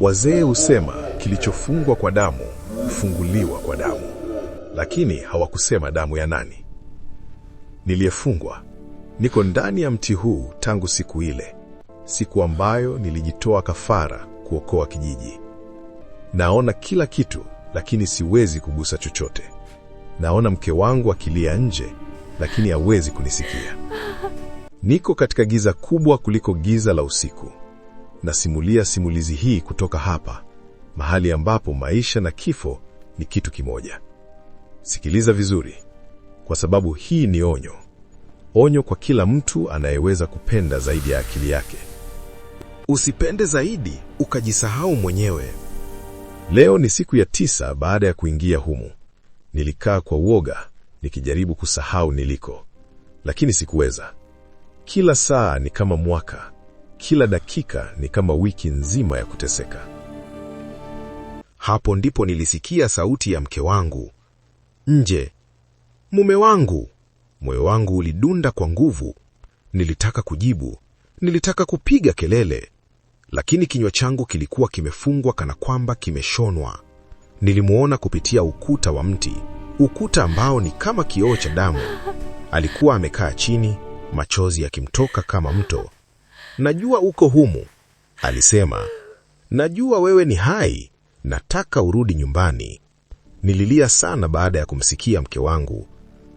Wazee husema kilichofungwa kwa damu hufunguliwa kwa damu, lakini hawakusema damu ya nani. Niliyefungwa, niko ndani ya mti huu tangu siku ile, siku ambayo nilijitoa kafara kuokoa kijiji. Naona kila kitu, lakini siwezi kugusa chochote. Naona mke wangu akilia nje, lakini hawezi kunisikia. Niko katika giza kubwa kuliko giza la usiku nasimulia simulizi hii kutoka hapa, mahali ambapo maisha na kifo ni kitu kimoja. Sikiliza vizuri, kwa sababu hii ni onyo, onyo kwa kila mtu anayeweza kupenda zaidi ya akili yake. Usipende zaidi ukajisahau mwenyewe. Leo ni siku ya tisa baada ya kuingia humu. Nilikaa kwa uoga nikijaribu kusahau niliko, lakini sikuweza. Kila saa ni kama mwaka kila dakika ni kama wiki nzima ya kuteseka. Hapo ndipo nilisikia sauti ya mke wangu nje. Mume wangu! Moyo wangu ulidunda kwa nguvu. Nilitaka kujibu, nilitaka kupiga kelele, lakini kinywa changu kilikuwa kimefungwa kana kwamba kimeshonwa. Nilimwona kupitia ukuta wa mti, ukuta ambao ni kama kioo cha damu. Alikuwa amekaa chini, machozi yakimtoka kama mto najua uko humu, alisema. Najua wewe ni hai, nataka urudi nyumbani. Nililia sana baada ya kumsikia mke wangu,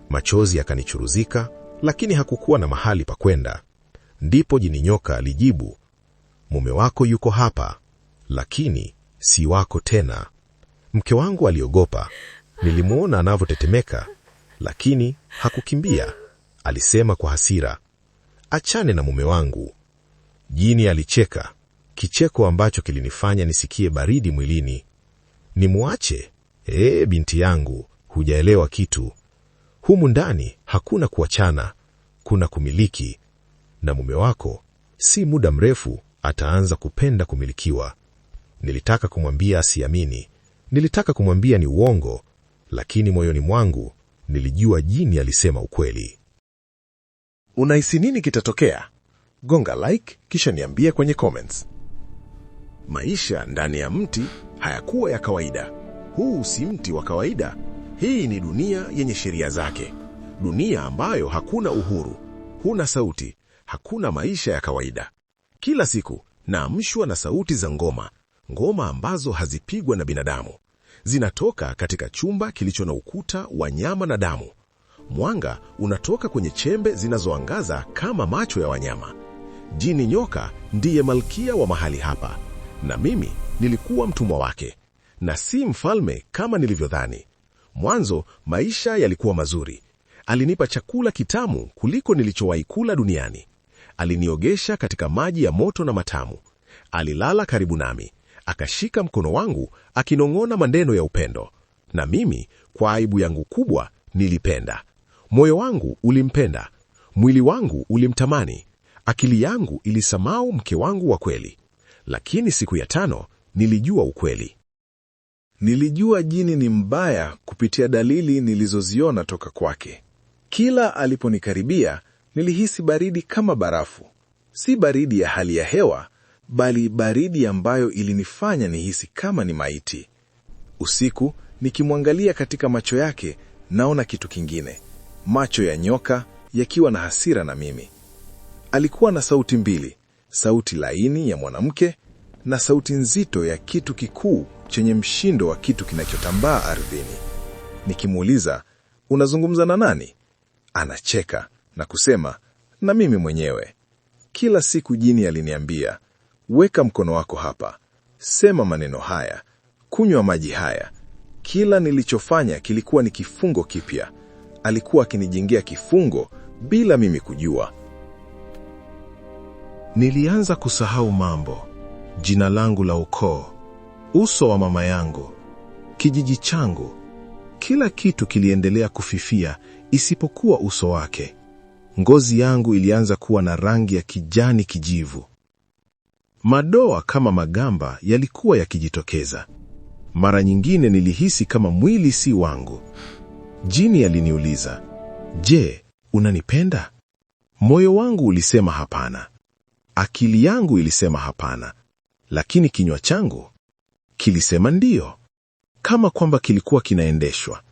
machozi yakanichuruzika, lakini hakukuwa na mahali pa kwenda. Ndipo jini nyoka alijibu, mume wako yuko hapa, lakini si wako tena. Mke wangu aliogopa, nilimwona anavyotetemeka, lakini hakukimbia. Alisema kwa hasira, achane na mume wangu, Jini alicheka, kicheko ambacho kilinifanya nisikie baridi mwilini. Nimwache? Ee binti yangu, hujaelewa kitu. Humu ndani hakuna kuachana, kuna kumiliki. Na mume wako si muda mrefu ataanza kupenda kumilikiwa. Nilitaka kumwambia asiamini, nilitaka kumwambia ni uongo, lakini moyoni mwangu nilijua jini alisema ukweli. Unahisi nini kitatokea gonga like, kisha niambie kwenye comments. Maisha ndani ya mti hayakuwa ya kawaida. Huu si mti wa kawaida. Hii ni dunia yenye sheria zake, dunia ambayo hakuna uhuru, huna sauti, hakuna maisha ya kawaida. Kila siku naamshwa na sauti za ngoma, ngoma ambazo hazipigwa na binadamu, zinatoka katika chumba kilicho na ukuta wa nyama na damu. Mwanga unatoka kwenye chembe zinazoangaza kama macho ya wanyama. Jini Nyoka ndiye malkia wa mahali hapa, na mimi nilikuwa mtumwa wake na si mfalme kama nilivyodhani. Mwanzo maisha yalikuwa mazuri. Alinipa chakula kitamu kuliko nilichowahi kula duniani. Aliniogesha katika maji ya moto na matamu. Alilala karibu nami, akashika mkono wangu akinong'ona maneno ya upendo, na mimi kwa aibu yangu kubwa nilipenda. Moyo wangu ulimpenda, mwili wangu ulimtamani, Akili yangu ilisamau mke wangu wa kweli, lakini siku ya tano nilijua ukweli. Nilijua jini ni mbaya kupitia dalili nilizoziona toka kwake. Kila aliponikaribia nilihisi baridi kama barafu, si baridi ya hali ya hewa, bali baridi ambayo ilinifanya nihisi kama ni maiti. Usiku nikimwangalia katika macho yake, naona kitu kingine, macho ya nyoka yakiwa na hasira na mimi. Alikuwa na sauti mbili, sauti laini ya mwanamke na sauti nzito ya kitu kikuu chenye mshindo wa kitu kinachotambaa ardhini. Nikimuuliza, unazungumza na nani? Anacheka na kusema, na mimi mwenyewe. Kila siku jini aliniambia, weka mkono wako hapa, sema maneno haya, kunywa maji haya. Kila nilichofanya kilikuwa ni kifungo kipya. Alikuwa akinijengea kifungo bila mimi kujua. Nilianza kusahau mambo: jina langu la ukoo, uso wa mama yangu, kijiji changu. Kila kitu kiliendelea kufifia isipokuwa uso wake. Ngozi yangu ilianza kuwa na rangi ya kijani kijivu. Madoa kama magamba yalikuwa yakijitokeza. Mara nyingine nilihisi kama mwili si wangu. Jini aliniuliza, "Je, unanipenda?" Moyo wangu ulisema hapana. Akili yangu ilisema hapana, lakini kinywa changu kilisema ndiyo, kama kwamba kilikuwa kinaendeshwa.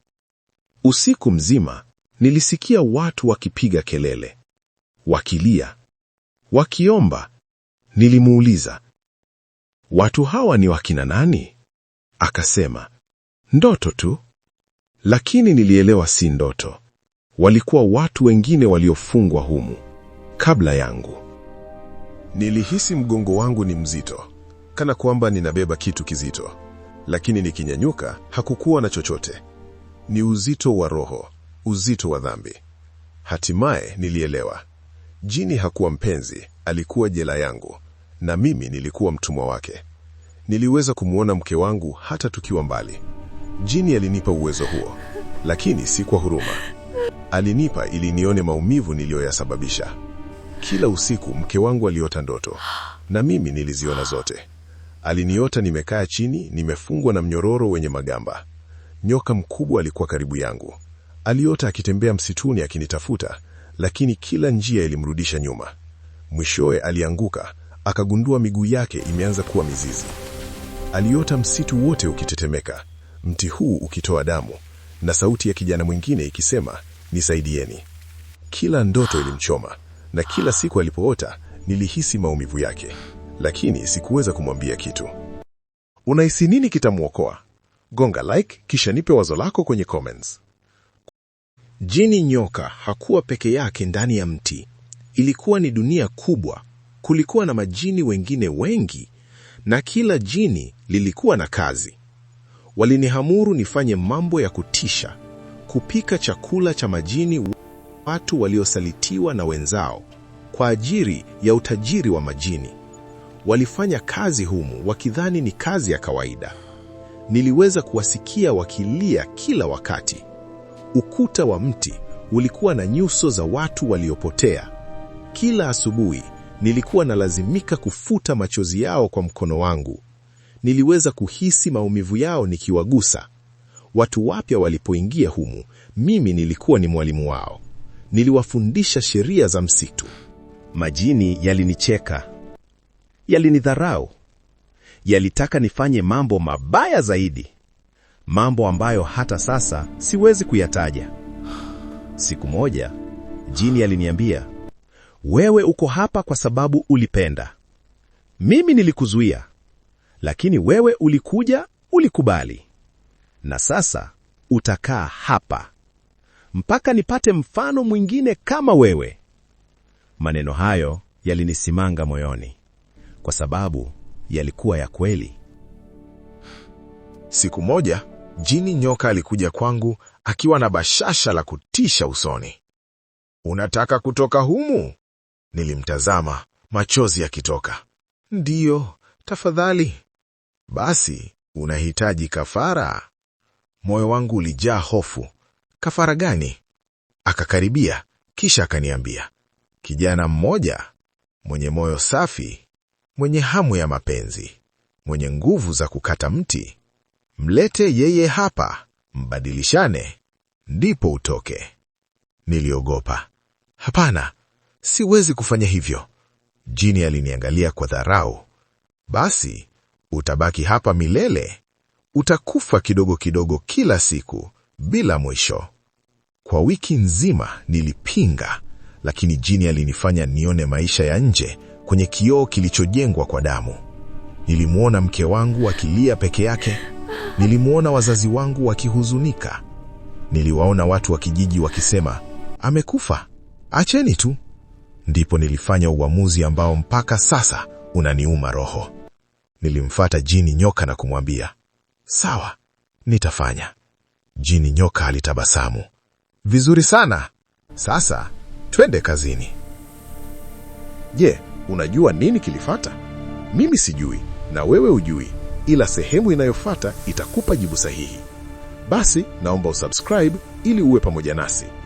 Usiku mzima nilisikia watu wakipiga kelele, wakilia, wakiomba. Nilimuuliza, watu hawa ni wakina nani? Akasema, ndoto tu. Lakini nilielewa si ndoto, walikuwa watu wengine waliofungwa humu kabla yangu. Nilihisi mgongo wangu ni mzito, kana kwamba ninabeba kitu kizito, lakini nikinyanyuka hakukuwa na chochote. Ni uzito wa roho, uzito wa dhambi. Hatimaye nilielewa, jini hakuwa mpenzi, alikuwa jela yangu, na mimi nilikuwa mtumwa wake. Niliweza kumwona mke wangu hata tukiwa mbali. Jini alinipa uwezo huo, lakini si kwa huruma. Alinipa ili nione maumivu niliyoyasababisha. Kila usiku mke wangu aliota ndoto na mimi niliziona zote. Aliniota nimekaa chini, nimefungwa na mnyororo wenye magamba. Nyoka mkubwa alikuwa karibu yangu. Aliota akitembea msituni akinitafuta, lakini kila njia ilimrudisha nyuma. Mwishowe alianguka, akagundua miguu yake imeanza kuwa mizizi. Aliota msitu wote ukitetemeka, mti huu ukitoa damu, na sauti ya kijana mwingine ikisema, nisaidieni. Kila ndoto ilimchoma na kila siku alipoota nilihisi maumivu yake, lakini sikuweza kumwambia kitu. Unahisi nini kitamwokoa? Gonga like kisha nipe wazo lako kwenye comments. Jini nyoka hakuwa peke yake ndani ya mti. Ilikuwa ni dunia kubwa. Kulikuwa na majini wengine wengi, na kila jini lilikuwa na kazi. walinihamuru nifanye mambo ya kutisha, kupika chakula cha majini watu waliosalitiwa na wenzao kwa ajili ya utajiri wa majini. Walifanya kazi humu wakidhani ni kazi ya kawaida. Niliweza kuwasikia wakilia kila wakati. Ukuta wa mti ulikuwa na nyuso za watu waliopotea. Kila asubuhi nilikuwa nalazimika kufuta machozi yao kwa mkono wangu. Niliweza kuhisi maumivu yao nikiwagusa. Watu wapya walipoingia humu, mimi nilikuwa ni mwalimu wao niliwafundisha sheria za msitu. Majini yalinicheka, yalinidharau, yalitaka nifanye mambo mabaya zaidi, mambo ambayo hata sasa siwezi kuyataja. Siku moja jini aliniambia, wewe uko hapa kwa sababu ulipenda. Mimi nilikuzuia, lakini wewe ulikuja, ulikubali, na sasa utakaa hapa mpaka nipate mfano mwingine kama wewe. Maneno hayo yalinisimanga moyoni kwa sababu yalikuwa ya kweli. Siku moja jini nyoka alikuja kwangu akiwa na bashasha la kutisha usoni. Unataka kutoka humu? Nilimtazama, machozi yakitoka. Ndiyo, tafadhali. Basi unahitaji kafara? Moyo wangu ulijaa hofu, kafara gani? Akakaribia kisha akaniambia, kijana mmoja mwenye moyo safi, mwenye hamu ya mapenzi, mwenye nguvu za kukata mti, mlete yeye hapa, mbadilishane, ndipo utoke. Niliogopa. Hapana, siwezi kufanya hivyo. Jini aliniangalia kwa dharau. Basi utabaki hapa milele, utakufa kidogo kidogo kila siku, bila mwisho. Kwa wiki nzima nilipinga, lakini jini alinifanya nione maisha ya nje kwenye kioo kilichojengwa kwa damu. Nilimwona mke wangu akilia peke yake, nilimwona wazazi wangu wakihuzunika, niliwaona watu wa kijiji wakisema amekufa, acheni tu. Ndipo nilifanya uamuzi ambao mpaka sasa unaniuma roho. Nilimfata jini nyoka na kumwambia, sawa, nitafanya. Jini nyoka alitabasamu. Vizuri sana, sasa twende kazini. Je, unajua nini kilifata? Mimi sijui na wewe ujui ila sehemu inayofata itakupa jibu sahihi. Basi naomba usubscribe ili uwe pamoja nasi.